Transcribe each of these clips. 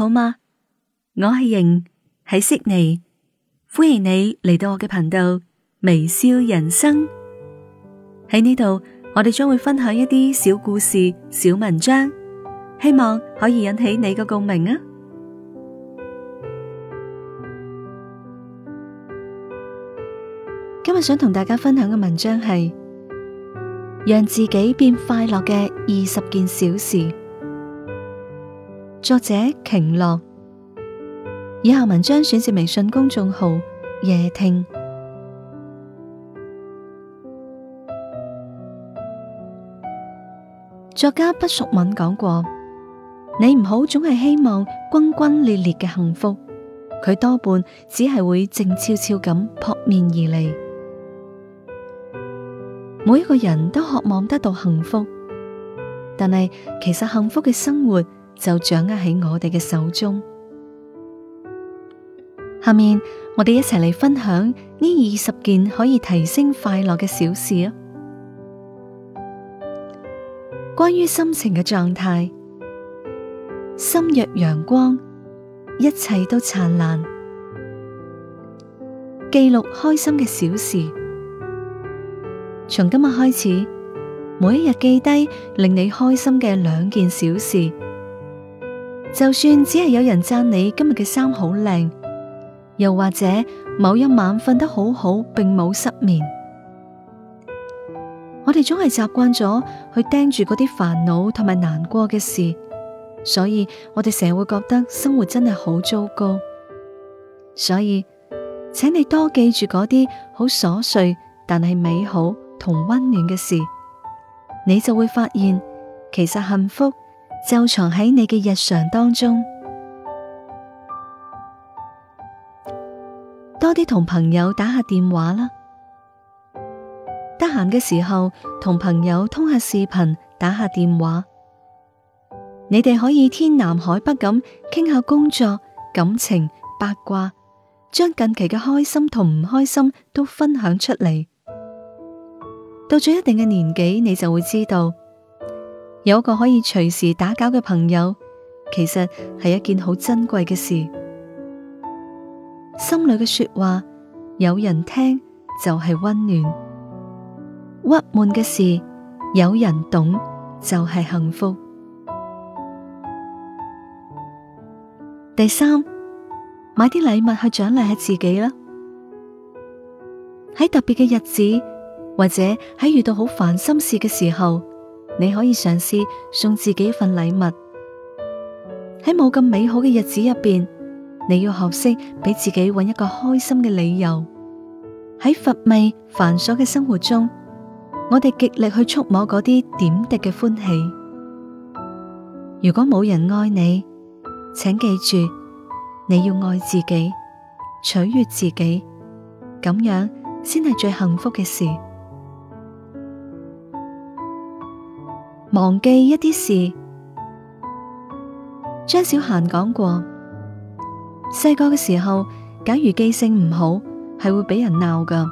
好嗎？我係瑩，喺悉尼，歡迎你嚟到我嘅頻道微笑人生。喺呢度，我哋將會分享一啲小故事、小文章，希望可以引起你嘅共鳴啊！今日想同大家分享嘅文章係，讓自己變快樂嘅二十件小事。作者瓊樂，以下文章選自微信公眾號夜聽。作家畢淑敏講過：你唔好總係希望轟轟烈烈嘅幸福，佢多半只係會靜悄悄咁撲面而嚟。每一個人都渴望得到幸福，但係其實幸福嘅生活，就掌握喺我哋嘅手中。下面我哋一齊嚟分享呢二十件可以提升快樂嘅小事啊！關於心情嘅狀態，心若陽光，一切都燦爛。記錄開心嘅小事，從今日開始，每一日記低令你開心嘅兩件小事。就算只係有人讚你今日嘅衫好靚，又或者某一晚瞓得好好，並冇失眠，我哋總係習慣咗去盯住嗰啲煩惱同埋難過嘅事，所以我哋成日會覺得生活真係好糟糕。所以，請你多記住嗰啲好瑣碎但係美好同溫暖嘅事，你就會發現其實幸福，就藏喺你嘅日常當中，多啲同朋友打下電話啦。得閒嘅時候，同朋友通下視頻，打下電話，你哋可以天南海北咁傾下工作、感情、八卦，將近期嘅開心同唔開心都分享出嚟。到咗一定嘅年紀，你就會知道。有個可以隨時打攪嘅朋友，其實係一件好珍貴嘅事。心裏嘅說話有人聽就係温暖，鬱悶嘅事有人懂就係幸福。第三，買啲禮物去獎勵下自己啦。喺特別嘅日子，或者喺遇到好煩心事嘅時候。你可以嘗試送自己一份禮物，喺冇咁美好嘅日子入邊，你要學識俾自己搵一個開心嘅理由。喺乏味繁瑣嘅生活中，我哋極力去觸摸嗰啲點滴嘅歡喜。如果冇人愛你，請記住，你要愛自己，取悅自己，咁樣先係最幸福嘅事。忘記一啲事。張小嫻講過，細個嘅時候，假如記性唔好，係會俾人鬧噶。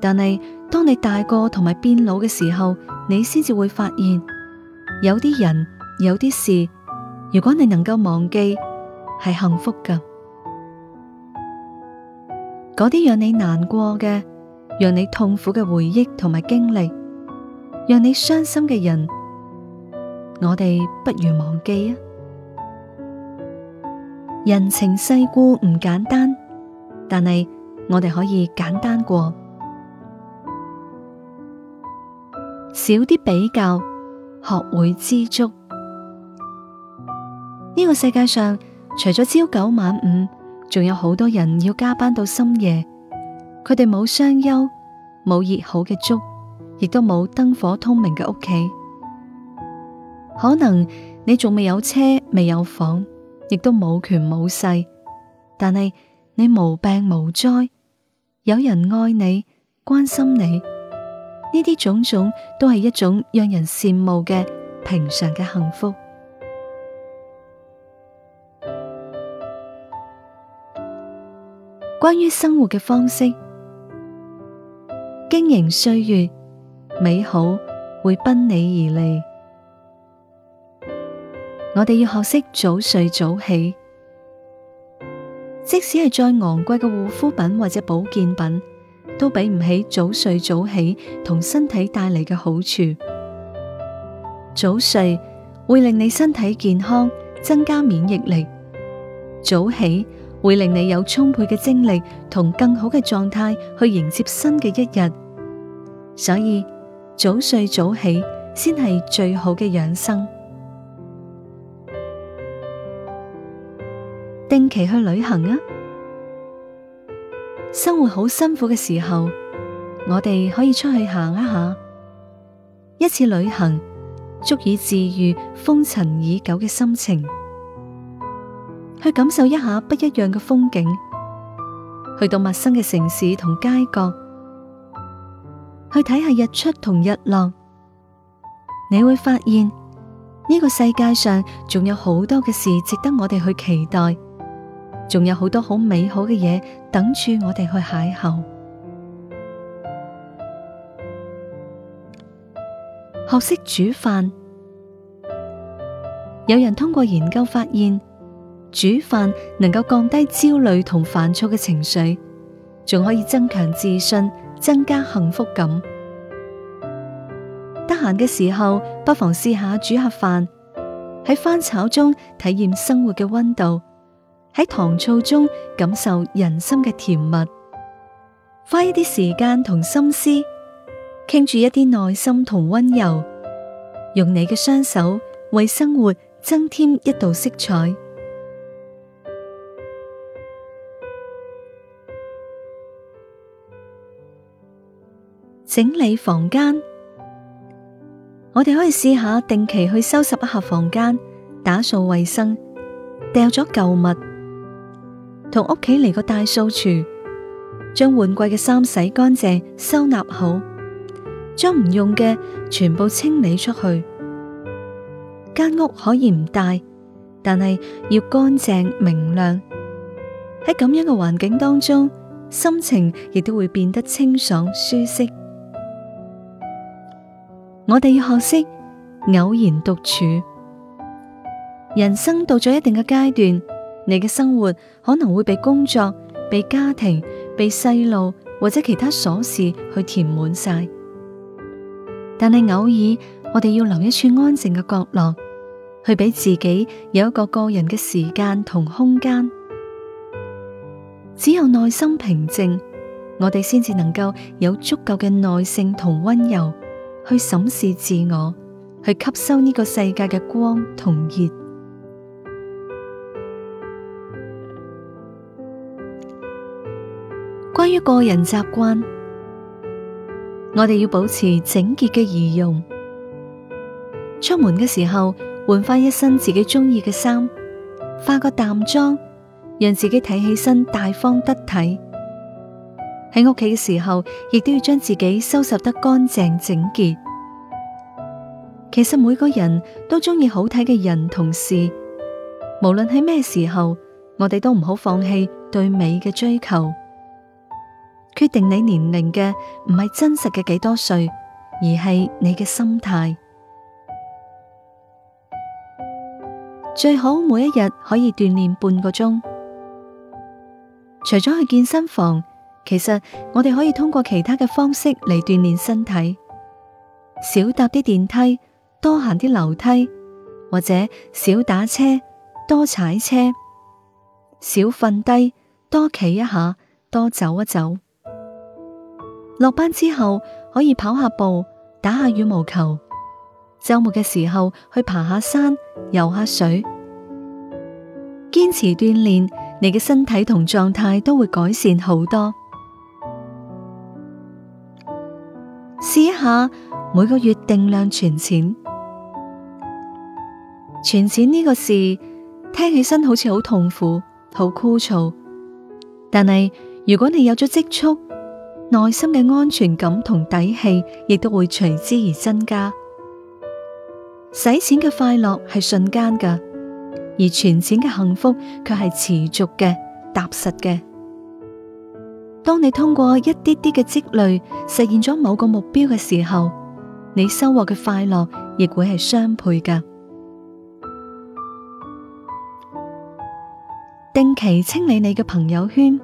但係當你大個同埋，變老嘅時候，你先至會發現，有啲人，有啲事，如果你能夠忘記，係幸福噶。嗰啲讓你難過嘅，讓你痛苦嘅回憶同埋經歷。讓你傷心嘅人，我哋不如忘記啊！人情世故唔簡單，但係我哋可以簡單過，少啲比較，學會知足。呢個世界上，除咗朝九晚五，仲有好多人要加班到深夜，佢哋冇雙休，冇熱好嘅粥。亦都冇燈火通明嘅屋企，可能你仲未有車，未有房，亦都冇權冇勢，但係你無病無災，有人愛你，關心你，呢啲種種都係一種讓人羨慕嘅平常嘅幸福。關於生活嘅方式，經營歲月。美好會奔你而來，我哋要學識早睡早起。即使係再昂貴嘅護膚品或者保健品，都比唔起早睡早起同身體帶嚟嘅好處。早睡會令你身體健康，增加免疫力；早起會令你有充沛嘅精力同更好嘅狀態去迎接新嘅一日。所以。早睡早起先係最好嘅養生，定期去旅行啊！生活好辛苦嘅時候，我哋可以出去行一下，一次旅行足以治癒風塵已久嘅心情，去感受一下不一樣嘅風景，去到陌生嘅城市同街角。去睇下日出同日落，你會發現呢個世界上仲有好多嘅事值得我哋去期待，仲有好多好美好嘅嘢等住我哋去邂逅。學識煮飯，有人通過研究發現，煮飯能夠降低焦慮同煩躁嘅情緒，仲可以增強自信。增加幸福感。得閒嘅時候，不妨試下煮下飯，喺翻炒中體驗生活嘅溫度，喺糖醋中感受人生嘅甜蜜。花一啲時間同心思，傾住一啲耐心同溫柔，用你嘅雙手為生活增添一道色彩。整理房間，我哋可以試下定期去收拾一下房間，打掃衛生，掉咗舊物，同屋企嚟個大掃除，將換季嘅衫洗乾淨，收納好，將唔用嘅全部清理出去。間屋可以唔大，但係要乾淨明亮。喺咁樣嘅環境當中，心情亦都會變得清爽舒適。我哋要學識偶然獨處。人生到咗一定嘅階段，你嘅生活可能會被工作、被家庭、被細路或者其他瑣事去填滿晒。但係偶爾，我哋要留一處安靜嘅角落，去俾自己有一個個人嘅時間同空間。只有內心平靜，我哋先至能夠有足夠嘅耐性同溫柔。去審視自我，去吸收呢個世界嘅光同熱。關於個人習慣，我哋要保持整潔嘅儀容。出門嘅時候，換翻一身自己鍾意嘅衫，化個淡妝，讓自己睇起身大方得體。喺屋企嘅時候，亦都要將自己收拾得乾淨整潔。其實每個人都中意好睇嘅人同事，無論喺咩時候，我哋都唔好放棄對美嘅追求。決定你年齡嘅唔係真實嘅幾多歲，而係你嘅心態。最好每一日可以鍛煉半個鐘，除咗去健身房。其實我哋可以通過其他嘅方式嚟鍛煉身體，少搭啲電梯，多行啲樓梯，或者少打車，多踩車，少瞓低，多企一下，多走一走。落班之後可以跑下步，打下羽毛球。周末嘅時候去爬下山，游下水。堅持鍛煉，你嘅身體同狀態都會改善好多。下每個月定量存錢，存錢呢個事，聽起身好似好痛苦，好枯燥，但係如果你有咗積蓄，內心嘅安全感同底氣亦都會隨之而增加。使錢嘅快樂係瞬間噶，而存錢嘅幸福卻係持續嘅，踏實嘅。當你通過一啲啲嘅積累實現咗某個目標嘅時候，你收穫嘅快樂亦會係雙倍噶。定期清理你嘅朋友圈，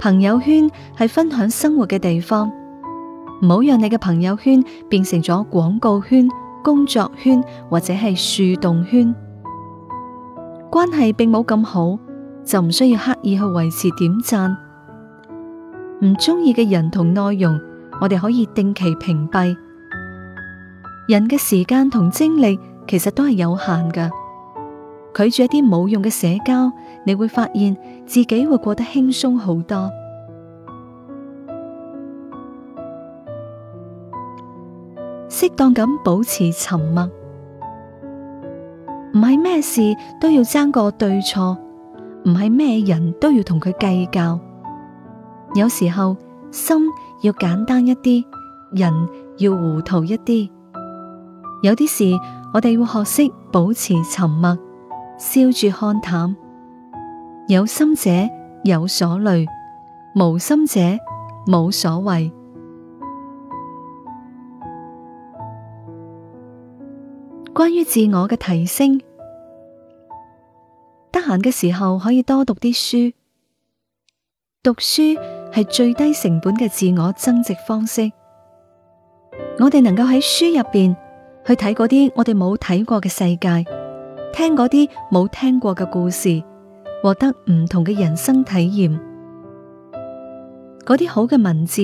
朋友圈係分享生活嘅地方，唔好讓你嘅朋友圈變成咗廣告圈、工作圈或者係樹洞圈，關係並冇咁好。就唔需要刻意去維持點讚，唔中意嘅人同內容，我哋可以定期屏蔽。人嘅時間同精力其實都係有限㗎，拒絕一啲冇用嘅社交，你會發現自己會過得輕鬆好多。適當咁保持沉默，唔係咩事都要爭個對錯。唔係咩人都要同佢計較，有時候心要簡單一啲，人要糊塗一啲，有啲事我哋要學識保持沉默，笑住看淡。有心者有所累，無心者冇所謂。關於自我嘅提升。得閒嘅時候可以多讀啲書，讀書係最低成本嘅自我增值方式。我哋能夠喺書入邊去睇嗰啲我哋冇睇過嘅世界，聽嗰啲冇聽過嘅故事，獲得唔同嘅人生體驗。嗰啲好嘅文字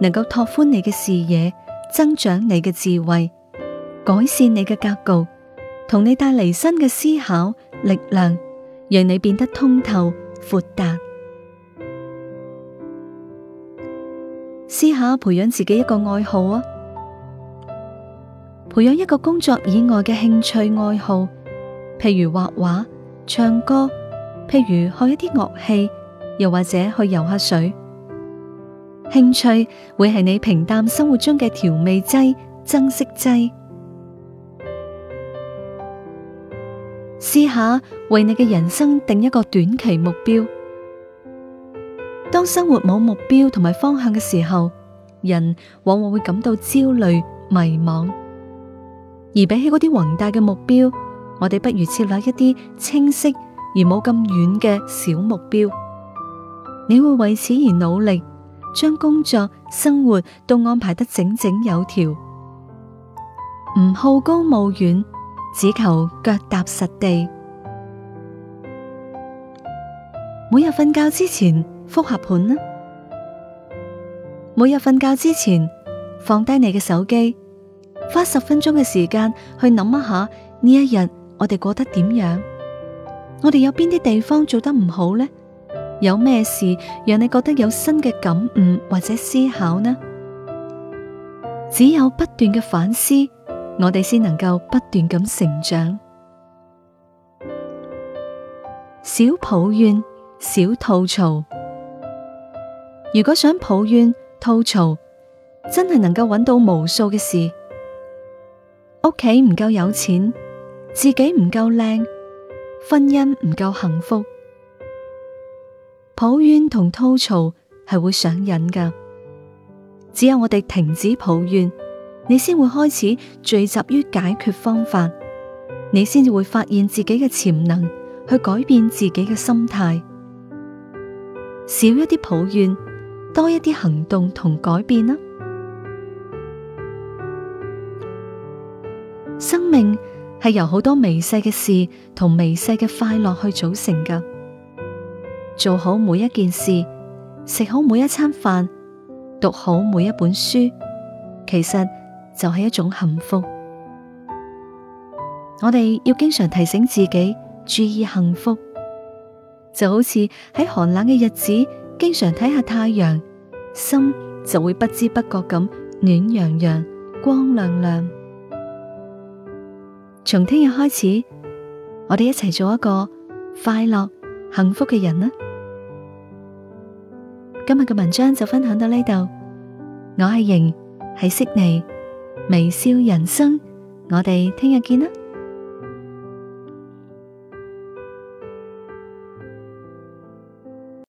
能夠拓寬你嘅視野，增長你嘅智慧，改善你嘅格局，同你帶嚟新嘅思考力量。讓你變得通透、闊達。試下培養自己一個愛好啊，培養一個工作以外嘅興趣愛好，譬如畫畫、唱歌，譬如學一啲樂器，又或者去游下水。興趣會係你平淡生活中嘅調味劑、增色劑。試下為你嘅人生定一個短期目標。當生活冇目標同埋方向嘅時候，人往往會感到焦慮、迷茫。而比起嗰啲宏大嘅目標，我哋不如設立一啲清晰而冇咁遠嘅小目標。你會為此而努力，將工作、生活都安排得井井有條，唔好高騖遠。只求腳踏實地。每日瞓覺之前復下盤啦。每日瞓覺之前放低你嘅手機，花十分鐘嘅時間去諗一下呢一日我哋過得點樣？我哋有邊啲地方做得唔好呢？有咩事讓你覺得有新嘅感悟或者思考呢？只有不斷嘅反思。我哋先能夠不斷咁成長，少抱怨，少吐槽。如果想抱怨、吐槽，真係能夠揾到無數嘅事。屋企唔夠有錢，自己唔夠靚，婚姻唔夠幸福。抱怨同吐槽係會上癮㗎。只有我哋停止抱怨。你先會開始聚集於解決方法，你先至會發現自己嘅潛能，去改變自己嘅心態，少一啲抱怨，多一啲行動同改變啊！生命係由好多微細嘅事同微細嘅快樂去組成㗎，做好每一件事，食好每一餐飯，讀好每一本書，其實，就係一種幸福，我哋要經常提醒自己注意幸福，就好似喺寒冷嘅日子，經常睇下太陽，心就會不知不覺咁暖洋洋、光亮亮。從聽日開始，我哋一齊做一個快樂、幸福嘅人啦！今日嘅文章就分享到呢度，我係瑩，喺悉尼。微笑人生，我哋聽日見啦。